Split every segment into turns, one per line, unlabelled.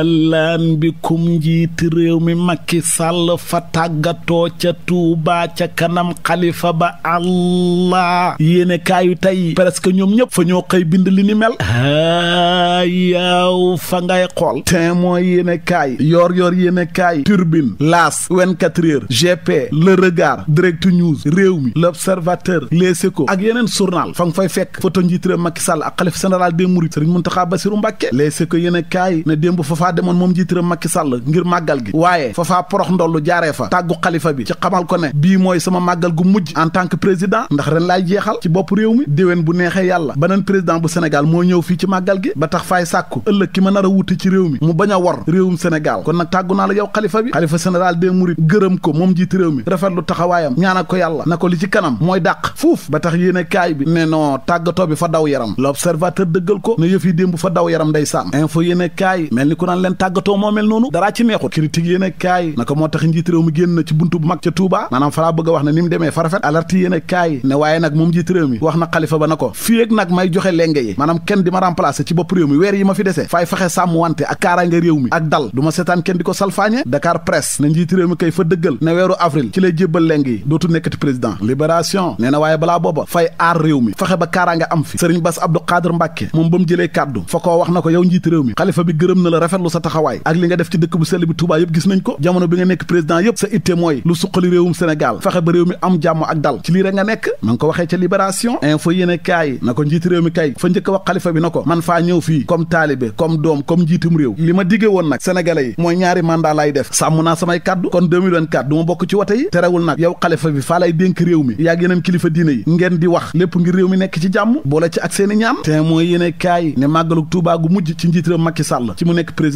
ahlan bikum njiiti réew mi Macky Sall fa tàggatoo ca Tuubaa ca kanam xalifa ba allah yéene kaayu tey presque ñoom ñëpp fa ñoo xëy bind li ni mel yaw fa ngay xool témoin yéene kaay yoor yoor yéene kaay turbine laas 24 heures gp le regard direct news réew mi l'observateur les échos ak yeneen journal fa nga fay fekk photo njiiti réew Macky Sall ak xalifa général des mourides Serigne Mountakha Bassirou Mbacké les échos yéene kaay ne démb fa faa demoon moom njiitëram Macky Sall ngir màggal gi waaye fa faa porox ndollu jaaree fa tàggu xalifa bi ci xamal ko ne bii mooy sama màggal gu mujj en tant ndax ren laay jeexal ci bopp réew mi déwén bu neexee yàlla beneen président bu Sénégal moo ñëw fii ci màggal gi ba tax faay sàkku ëllëg ki ma nar a wuti ci réew mi mu bañ a wor réewum Sénégal kon nag tàggu naa la yow xalifa bi xalifa général des mourides gërëm ko moom njiit réew mi rafetlu taxawaayam ñaanal ko yàlla na ko li ci kanam mooy dàq fuuf ba tax yéene kaay bi ne non tàggatoo bi fa daw yaram l'observateur dëggal ko ne yëf yi démb fa daw naan leen tàggatoo moo mel noonu daraa ci neexut critique yéen a kaay naka moo tax njiit réew mi génn na ci buntu bu mag ca Touba maanaam faraa bëgg a wax ne ni mu demee farafet alerte yéen a kaay ne waaye nag moom njiit mi wax na xalifa ba na ko fii ak nag may joxe lenge yi maanaam kenn di ma remplacer ci bopp réew mi weer yi ma fi desee fay fexe sàmm wante ak kaaraange réew mi ak dal du ma seetaan kenn di ko salfaañe Dakar Presse ne njiit mi kay fa sa taxawaay ak li nga def ci dëkk bu sell bi Touba yëpp gis nañ ko jamono bi nga nekk président yëpp sa itte mooy lu suqali réew mi am jàmm ak dal ci lii nga nekk ma ko waxee ca libération info yéene kaay na ko njiiti mi kay fa njëkk a wax xalifa bi na ko man faa ñëw fii comme taalibe comme doom comme njiitum réew li ma diggee woon nag sénégalais yi mooy ñaari mandat laay def sàmm naa samay kàddu kon 2024 du ma bokk ci wote yi terewul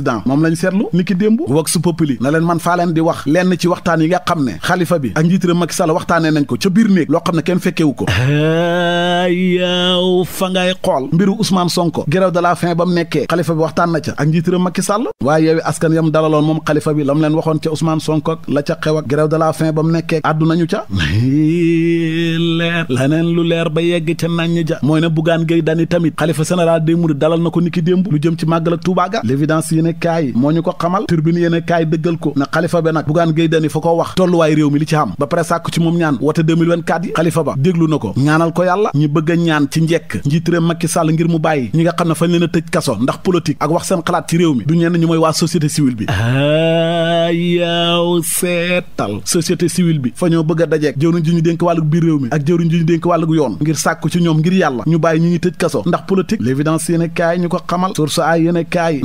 président moom lañ seetlu ni ki démb wax populi na leen man faa leen di wax lenn ci waxtaan yi nga xam ne xalifa bi ak njiitëram Macky Sall waxtaanee nañ ko ca biir néeg loo xam ne kenn fekkewu ko yaaw fa ngay xool mbiru Ousmane Sonko grève de fin ba mu nekkee xalifa bi waxtaan na ca ak njiitëram Macky Sall waaye yow askan yam dalaloon moom xalifa bi la mu leen waxoon ca Ousmane Sonko la ca xew ak grève de la faim ba mu nekkee àddu nañu ca leer leneen lu leer ba yegg ca na ko niki lu yéen a kaay moo ñu ko xamal turbine yéen a kaay dëggal ko na xalifa ba nag bugaan géy dani fa ko wax tolluwaay réew mi li ci xam ba pare sàkku ci moom ñaan wote 2024 yi xalifa ba déglu na ko ñaanal ko yàlla ñu bëgg a ñaan ci njekk njiit réew Macky Sall ngir mu bàyyi ñi nga xam ne fañ leen a tëj kaso ndax politique ak wax seen xalaat ci réew mi du ñenn ñu mooy waa société civile bi yaaw seetal société civile bi fa ñoo bëgg a dajeek jëwriñ ji ñu dénk wàllug bi réew mi ak jëwriñ ji ñu dénk wàllug yoon ngir ci ñoom ngir yàlla ñu bàyyi ñu ko xamal source ay yéen a kaay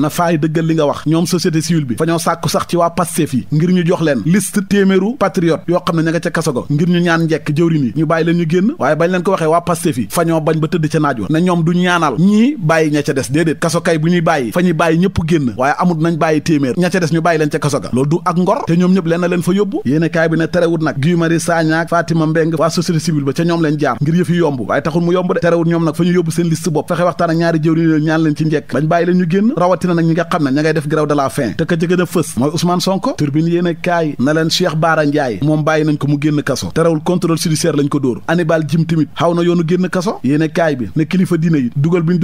li nga wax ñoom société civile bi fa ñoo sax ci waa Pastef yi ngir ñu jox leen liste téeméeru patriote yoo xam ne ña nga ca kaso ga ngir ñu ñaan njekk jëwrin yi ñu bàyyi leen ñu génn waaye bañ leen ko waxee waa Pastef yi fa bañ ba tëdd ca naaj wa ne ñoom du ñaanal ñii bàyyi ña ca des déedéet kaso kay bu ñuy bàyyi fa bàyyi ñëpp génn waaye amul nañ bàyyi téeméer ña ca des ñu bàyyi leen ca kaso ga loolu du ak ngor te ñoom ñëpp leen na leen ña def grève a fës mooy Ousmane Sonko a kaay na leen Cheikh Baara Ndiaye moom bàyyi nañ ko mu génn kaso a kaay bi ne kilifa diine yi dugal bi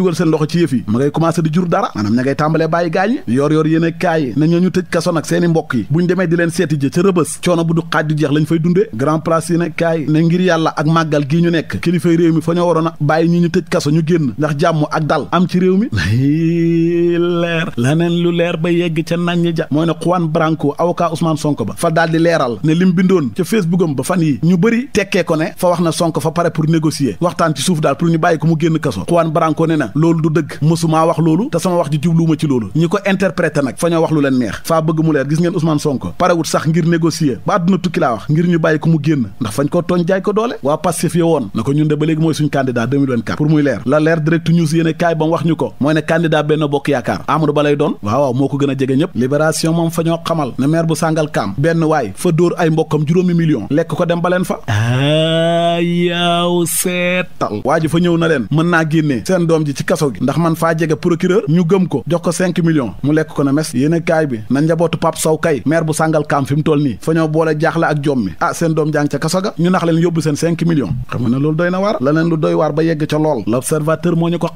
ña ngay tàmbalee bàyyi gaañ yi yor yor yéen a kaay yi ne ñoo ñu tëj kaso nag seeni mbokk yi buñ demee di leen seeti jë ca rëbës coono bu du xaaj du jeex lañ fay dundee grand place yéen a kaay ne ngir yàlla ak màggal gii ñu nekk kilifay réew mi fa ñoo waroon a bàyyi ñi ñu tëj kaso ñu génn ndax jàmm ak dal am ci réew mi leer lu leer ba yegg ca naññ ja mooy ne Juan Branco avocat Ousmane Sonko ba fa daal di leeral ne lim bindoon ca Facebook am ba fan yi ñu bëri tekkee ko ne fa wax na Sonko fa pare pour négocier waxtaan ci suuf daal pour ñu bàyyi ko mu génn kaso Juan Branco ne na loolu du dëgg mësumaa wax loolu te sama wax ji jubluuma ci loolu ñi ko interprété nag fa ñoo wax lu leen neex faa bëgg mu leer gis ngeen Ousmane Sonko parewut sax ngir négocier ba àdduna tukki laa wax ngir ñu bàyyi ko mu génn ndax fañ wax ñu ko mooy ne candidat benn bokk yaakaar Amadou Ba lay waaw waaw moo ko gën a jege ñëpp libération moom fa ñoo xamal ne maire bu sàngal benn waay fa dóor ay mbokkam juróomi million lekk ko dem ba leen fa a yaaw seetal waa ji fa ñëw na leen mën naa génnee seen doom ji ci kaso gi ndax man faa jege procureur ñu gëm ko jox ko cinq millions mu lekk ko na mes yéene kaay bi na njabootu Pape Sow kay maire bu sàngal kaam fi mu toll nii fa ñoo boole jaaxle ak jom mi ah seen doom jàng ca kaso ga ñu nax leen yóbbu seen cinq millions xam nga ne loolu doy na waar la leen lu doy waar ba yegg ca lool l'observateur moo ñu ko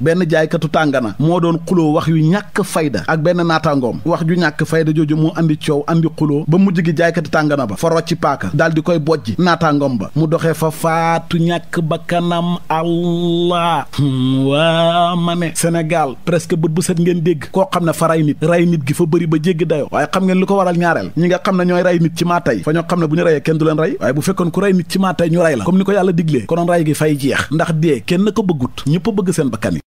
benn jaaykatu tàngana moo doon xuloo wax yu ñàkk fayda ak benn naataangoom wax ju ñàkk fayda jooju moo andi coow andi xuloo ba mu jigi jaaykatu tàngana ba fa rocci paaka daal di koy bojji naataangoom ba mu doxee fa faatu ñàkk bakkanam allah hmm, waa ma ne Sénégal presque bët bu set ngeen dégg koo xam ne fa rey nit rey nit gi fa bëri ba jéggi dayoo waaye xam ngeen lu ko waral ñaareel ñi nga xam ne ñooy rey nit ci maa fa ñoo xam ne bu ñu reyee kenn du yàlla diglee konoon rey ndax dee kenn ko bëggut ñëpp bëgg seen bakkan yi